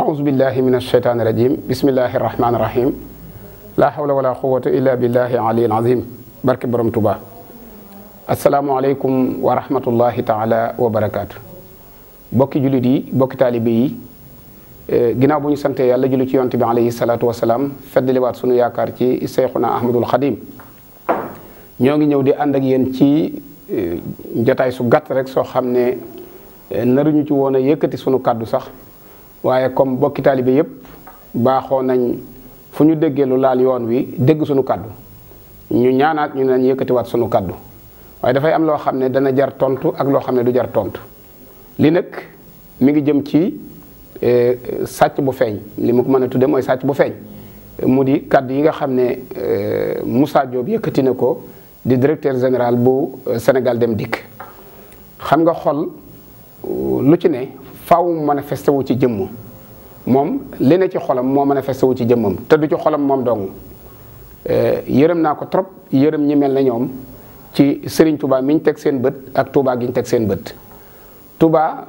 أعوذ بالله من الشيطان الرجيم بسم الله الرحمن الرحيم لا حول ولا قوة إلا بالله العلي العظيم barke borom Touba asalaamualeykum wa rahmatullahi taala wa bokki jullit yi bokki taalibe yi eh, ginnaaw bu ñu sante yàlla julli ci yonte bi alayhi salaatu salaam feddaliwaat sunu yaakaar ci seyxuna ahmadul xadim ñoo ngi ñëw di ànd ak yéen ci eh, jotaay su gàtt rek soo xam ne eh, naruñu ci woon a yëkkati sunu kàddu sax waaye comme bokki taalibe yépp baaxoo nañ fu ñu déggee lu laal yoon wi dégg sunu kàddu ñu ñaanaat ñu ne nañ yëkkatiwaat sunu kàddu waaye dafay am loo xam ne dana jar tontu ak loo xam ne du jar tontu li nag mi ngi jëm ci e, sàcc bu feeñ li ma ko mën mooy sàcc bu feeñ mu di kàddu yi nga xam ne e, Moussa Diop yëkkati ne ko di directeur général bu e, senegal Dem Dikk xam nga xol lu ci ne faaw mu manifesté wu ci jëmm moom li ne ci xolam moo manifesté wu ci jëmmam te du ci xolam moom dong eh, yërëm naa ko trop yërëm ñi mel na ñoom ci sëriñ Touba mi ñu teg seen bët ak Touba gi ñu teg seen bët Touba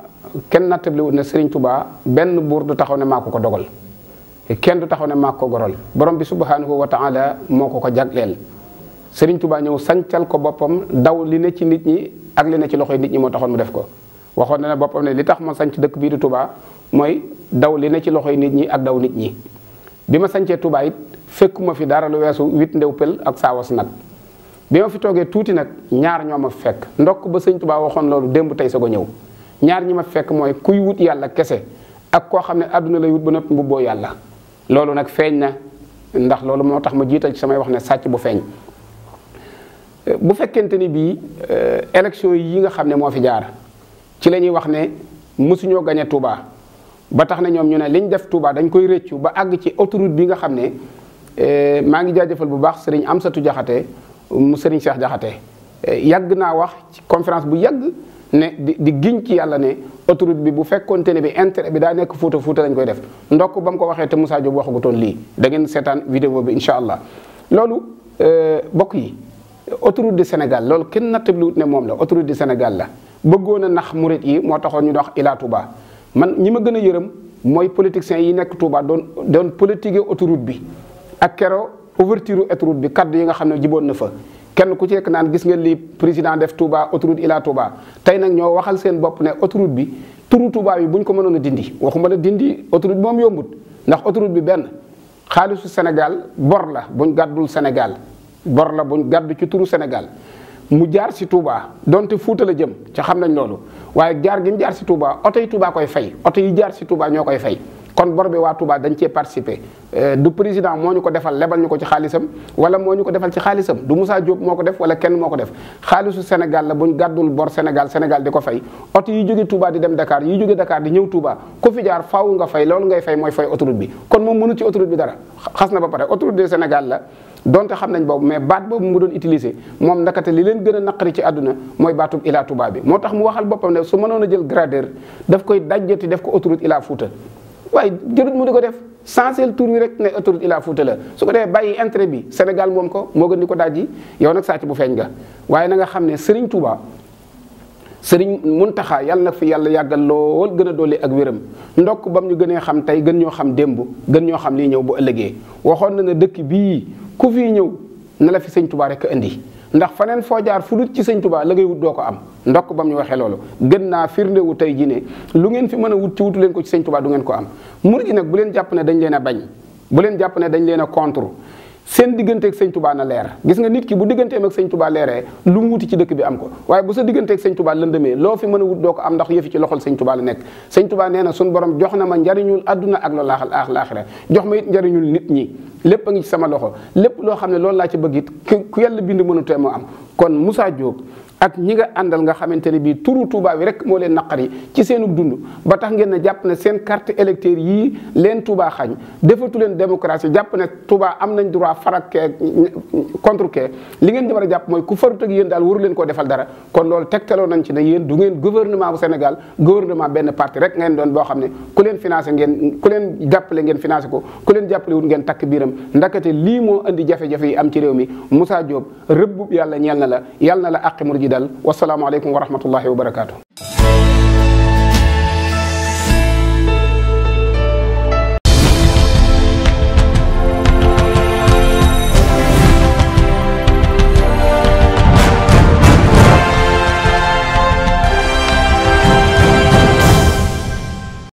kenn nattabliwut ne sëriñ Touba benn buur du taxaw ne maak ko ko dogal kenn du taxaw ne maa ko gorol borom bi suba subhanahu wa taala moo ko ko jagleel sëriñ Touba ñëw sancal ko boppam daw li ne ci nit ñi ak li ne ci loxo nit ñi moo taxoon mu def ko. waxoon na ne boppam ne li tax ma sanc dëkk bii di Touba mooy daw li ne ci loxo yi nit ñi ak daw nit ñi bi ma sañcee Touba it fekkuma fi dara lu weesu huit ndew pël ak saawas nag bi ma fi toogee tuuti nag ñaar ma fekk ndokk ba sëñ Touba waxoon loolu démb tey sa ko ñëw ñaar ñi ma fekk mooy kuy wut yàlla kese ak koo xam ne àdduna lay wut ba noppi mbubboo yàlla loolu nag feeñ na ndax loolu moo tax ma jiital ci samay wax ne sàcc bu feeñ bu fekkente ni bii euh, élection yi nga xam ne moo fi jaar ci la ñuy wax ne mësuñoo gañe Touba ba tax ne ñoom ñu ne liñ def Touba dañ koy rëccu ba àgg ci autoroute bi nga xam ne eh, maa ngi jaajëfal bu baax sëriñ Amsatu Jaxate mu sëriñ Cheikh Jaxate eh, yàgg naa wax ci conférence bu yàgg ne di di giñ ci yàlla ne autoroute bi bu fekkoonte ne bi intérêt bi daa nekk Fuuta Fuuta lañ koy def ndokk ba mu ko waxee te Moussa Diop waxagutoon lii da ngeen seetaan vidéo bi incha allah loolu eh, bokk yi autoroute du Sénégal loolu kenn nattabliwut ne moom la autoroute Sénégal la bëggoon a nax murit yi moo taxoon ñu dox ilaa Touba man ñi ma gën a yërëm mooy politiciens yi nekk Touba doon doon politique autoroute bi ak kero ouverture autoroute bi kaddu yi nga xam ne jiboon na fa kenn ku ci nekk naan gis ngeen li président def Touba autoroute ilaa Touba tey nag ñoo waxal seen bopp ne autoroute bi turu Touba bi bu ñu ko mënoon a dindi waxuma la dindi autorite bi moom yombut ndax autoroute bi benn xaalisu Sénégal bor la bu buñ gàddul Sénégal bor la buñ gàddu ci turu Sénégal mu jaar si Touba donte Fuuta la jëm ca xam nañ loolu waaye jaar gi mu jaar si Touba oto yi koy fay oto yi jaar si Touba ñoo koy fay. kon bor bi waa Touba dañ cee participer euh, du président moo ñu ko defal lebal ñu ko ci xaalisam wala moo ñu ko defal ci xaalisam du Moussa Diop moo ko def wala kenn moo ko def xaalisu Sénégal la bu ñu gàddul bor Sénégal Sénégal di ko fay oto yi jóge Touba di dem Dakar yi jóge dakaar di ñëw Touba ku fi jaar faaw nga fay loolu ngay fay mooy fay autoroute bi kon moom mënu ci autoroute bi dara xas na ba pare autoroute de Sénégal la. donte xam nañ boobu mais baat boobu mu doon utilisé moom ndakate li leen gën a naqari ci àdduna mooy baatub ilaa Touba bi moo tax mu waxal boppam ne su mënoon a jël gradeur daf koy daj dajjati def ko autoroute ilaa Fouta waaye jërut mu di ko def sensel tour bi rek ne autoroute ilaa Fouta la su ko defee bàyyi intérêt bi Sénégal moom ko moo gën di ko dajji yow nag sàcc bu feeñ nga waaye na nga xam ne Serigne Touba mun Muntaxa yàlla na fi yàlla yàggal gën a dolli ak wéram ndokk bam ñu gënee xam tey gën ñoo xam démb gën ñoo xam lii ñëw bu ëllëgee ku fii ñëw na la fi sëñ tubaa rek indi ndax faneen foo jaar fu dut ci sëñ tubaa la ngay wut doo ko am ndokk ba mu ñu waxee loolu gën naa firnde wu tey ji ne lu ngeen fi mën a wut ci wutu leen ko ci sëñ tubaa du ngeen ko am murid nag bu leen jàpp ne dañ leen a bañ bu leen jàpp ne dañ leen a contre seen digganteeg sëñ tubaa na leer gis nga nit ki bu digganteem ak sëñ tubaa leeree lu mu wuti ci dëkk bi am ko waaye bu sa digganteeg sëñ tubaa lëndëmee loo fi mën a doo ko am ndax yëfi ci loxol sëñ nekk sëñ tubaa nee na suñ borom jox na ma njariñul àdduna ak loolu laaxal aax laaxira jox ma it njariñul nit ñi lépp a ngi ci sama loxo lépp loo xam ne loolu laa ci bëgg it ku yàlla bind mënutee moo am kon Moussa Diop ak ñi nga àndal nga xamante ne bii turu Touba bi rek moo leen naqari ci seenu dund ba tax ngeen na jàpp ne seen carte électeur yii leen Touba xañ defatu leen démocratie jàpp ne Touba am nañ droit farak kee contre kee li ngeen di war jàpp mooy ku farut ak yéen daal waru leen ko defal dara kon loolu tegtaloo nañ ci na yéen du ngeen gouvernement bu Sénégal gouvernement benn parti rek ngeen doon boo xam ne ku leen financé ngeen ku leen jàppale financé ko ku leen jàppale wul ngeen takk biiram ndakate lii moo indi jafe am ci réew mi Moussa Diop rëbbub yàlla ñeel la ji dal wasalaamualeykum wa rahmatullahi wa barakaatu.